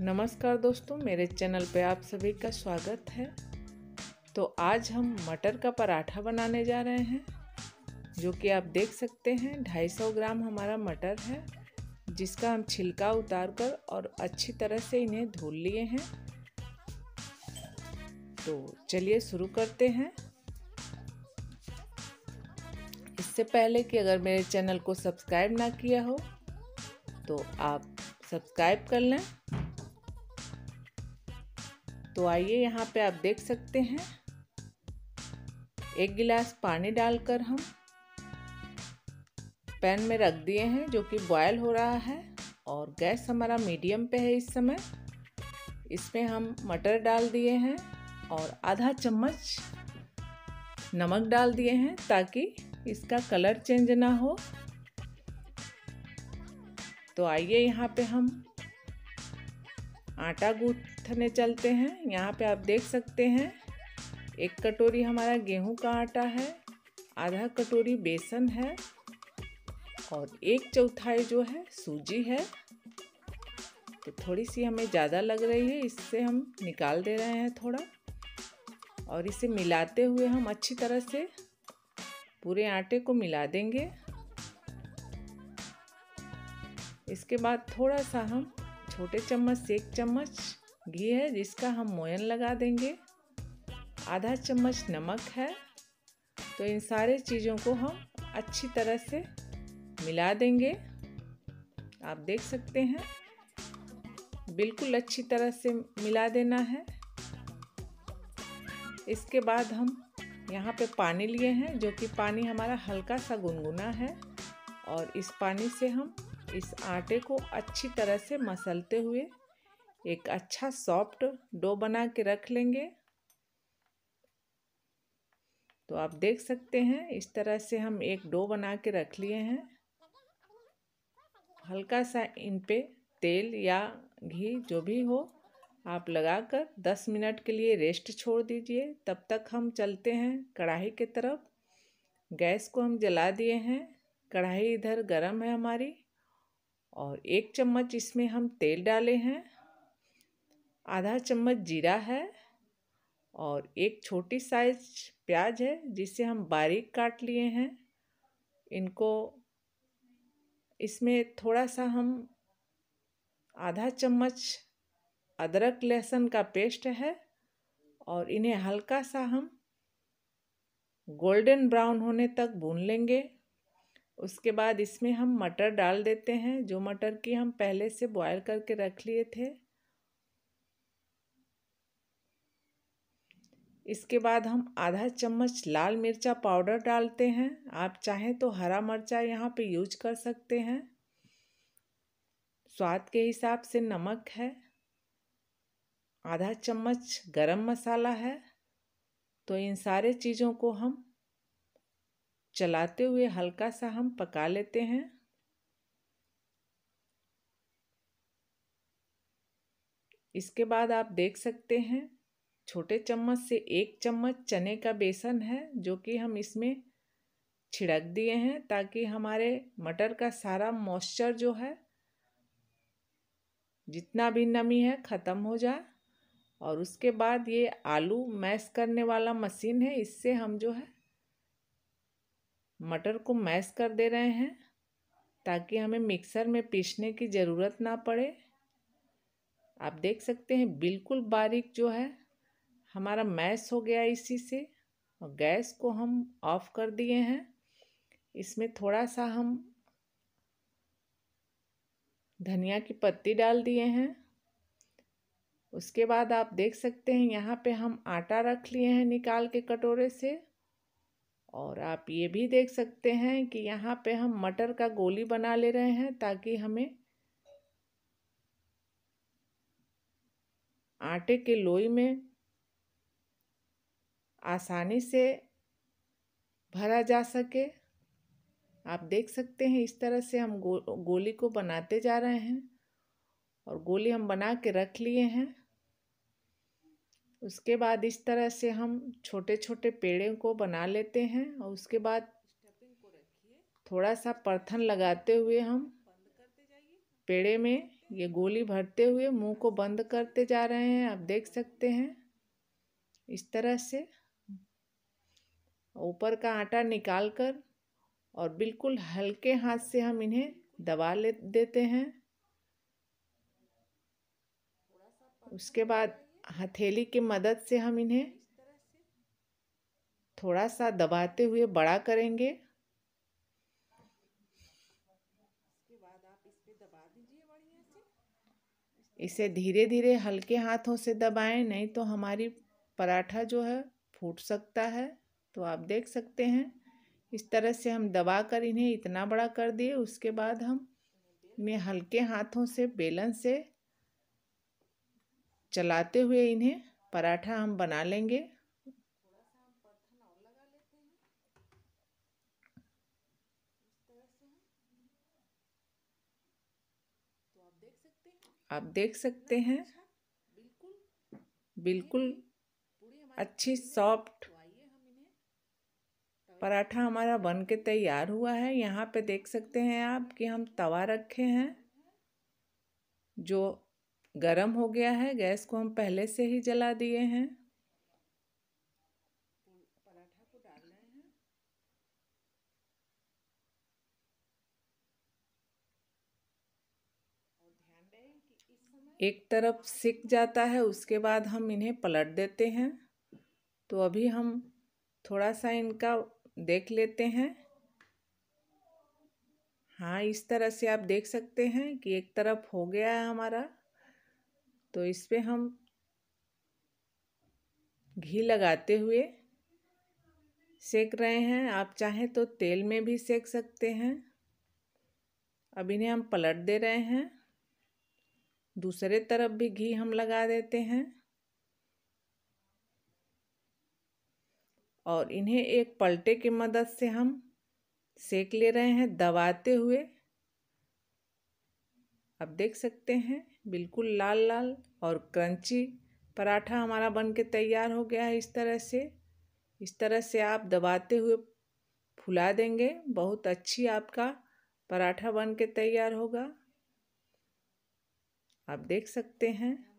नमस्कार दोस्तों मेरे चैनल पे आप सभी का स्वागत है तो आज हम मटर का पराठा बनाने जा रहे हैं जो कि आप देख सकते हैं 250 ग्राम हमारा मटर है जिसका हम छिलका उतार कर और अच्छी तरह से इन्हें धुल लिए हैं तो चलिए शुरू करते हैं इससे पहले कि अगर मेरे चैनल को सब्सक्राइब ना किया हो तो आप सब्सक्राइब कर लें तो आइए यहाँ पे आप देख सकते हैं एक गिलास पानी डालकर हम पैन में रख दिए हैं जो कि बॉयल हो रहा है और गैस हमारा मीडियम पे है इस समय इसमें हम मटर डाल दिए हैं और आधा चम्मच नमक डाल दिए हैं ताकि इसका कलर चेंज ना हो तो आइए यहाँ पे हम आटा गूंथने चलते हैं यहाँ पे आप देख सकते हैं एक कटोरी हमारा गेहूं का आटा है आधा कटोरी बेसन है और एक चौथाई जो है सूजी है तो थोड़ी सी हमें ज़्यादा लग रही है इससे हम निकाल दे रहे हैं थोड़ा और इसे मिलाते हुए हम अच्छी तरह से पूरे आटे को मिला देंगे इसके बाद थोड़ा सा हम छोटे चम्मच से एक चम्मच घी है जिसका हम मोयन लगा देंगे आधा चम्मच नमक है तो इन सारे चीज़ों को हम अच्छी तरह से मिला देंगे आप देख सकते हैं बिल्कुल अच्छी तरह से मिला देना है इसके बाद हम यहाँ पे पानी लिए हैं जो कि पानी हमारा हल्का सा गुनगुना है और इस पानी से हम इस आटे को अच्छी तरह से मसलते हुए एक अच्छा सॉफ्ट डो बना के रख लेंगे तो आप देख सकते हैं इस तरह से हम एक डो बना के रख लिए हैं हल्का सा इन पे तेल या घी जो भी हो आप लगाकर 10 मिनट के लिए रेस्ट छोड़ दीजिए तब तक हम चलते हैं कढ़ाई के तरफ गैस को हम जला दिए हैं कढ़ाई इधर गर्म है हमारी और एक चम्मच इसमें हम तेल डाले हैं आधा चम्मच जीरा है और एक छोटी साइज प्याज है जिसे हम बारीक काट लिए हैं इनको इसमें थोड़ा सा हम आधा चम्मच अदरक लहसुन का पेस्ट है और इन्हें हल्का सा हम गोल्डन ब्राउन होने तक भून लेंगे उसके बाद इसमें हम मटर डाल देते हैं जो मटर की हम पहले से बॉयल करके रख लिए थे इसके बाद हम आधा चम्मच लाल मिर्चा पाउडर डालते हैं आप चाहें तो हरा मिर्चा यहाँ पे यूज कर सकते हैं स्वाद के हिसाब से नमक है आधा चम्मच गरम मसाला है तो इन सारे चीज़ों को हम चलाते हुए हल्का सा हम पका लेते हैं इसके बाद आप देख सकते हैं छोटे चम्मच से एक चम्मच चने का बेसन है जो कि हम इसमें छिड़क दिए हैं ताकि हमारे मटर का सारा मॉइस्चर जो है जितना भी नमी है ख़त्म हो जाए और उसके बाद ये आलू मैश करने वाला मशीन है इससे हम जो है मटर को मैश कर दे रहे हैं ताकि हमें मिक्सर में पीसने की ज़रूरत ना पड़े आप देख सकते हैं बिल्कुल बारीक जो है हमारा मैश हो गया इसी से और गैस को हम ऑफ कर दिए हैं इसमें थोड़ा सा हम धनिया की पत्ती डाल दिए हैं उसके बाद आप देख सकते हैं यहाँ पे हम आटा रख लिए हैं निकाल के कटोरे से और आप ये भी देख सकते हैं कि यहाँ पे हम मटर का गोली बना ले रहे हैं ताकि हमें आटे के लोई में आसानी से भरा जा सके आप देख सकते हैं इस तरह से हम गो, गोली को बनाते जा रहे हैं और गोली हम बना के रख लिए हैं उसके बाद इस तरह से हम छोटे छोटे पेड़ों को बना लेते हैं और उसके बाद थोड़ा सा परथन लगाते हुए हम पेड़े में ये गोली भरते हुए मुंह को बंद करते जा रहे हैं आप देख सकते हैं इस तरह से ऊपर का आटा निकाल कर और बिल्कुल हल्के हाथ से हम इन्हें दबा ले देते हैं उसके बाद हथेली की मदद से हम इन्हें थोड़ा सा दबाते हुए बड़ा करेंगे इसे धीरे धीरे हल्के हाथों से दबाएं नहीं तो हमारी पराठा जो है फूट सकता है तो आप देख सकते हैं इस तरह से हम दबा कर इन्हें इतना बड़ा कर दिए उसके बाद हम इन्हें हल्के हाथों से बेलन से चलाते हुए इन्हें पराठा हम बना लेंगे आप देख सकते हैं बिल्कुल अच्छी सॉफ्ट पराठा हमारा बन के तैयार हुआ है यहाँ पे देख सकते हैं आप कि हम तवा रखे हैं जो गरम हो गया है गैस को हम पहले से ही जला दिए हैं एक तरफ सिक जाता है उसके बाद हम इन्हें पलट देते हैं तो अभी हम थोड़ा सा इनका देख लेते हैं हाँ इस तरह से आप देख सकते हैं कि एक तरफ हो गया है हमारा तो इस पर हम घी लगाते हुए सेक रहे हैं आप चाहें तो तेल में भी सेक सकते हैं अब इन्हें हम पलट दे रहे हैं दूसरे तरफ भी घी हम लगा देते हैं और इन्हें एक पलटे की मदद से हम सेक ले रहे हैं दबाते हुए आप देख सकते हैं बिल्कुल लाल लाल और क्रंची पराठा हमारा बन के तैयार हो गया है इस तरह से इस तरह से आप दबाते हुए फुला देंगे बहुत अच्छी आपका पराठा बन के तैयार होगा आप देख सकते हैं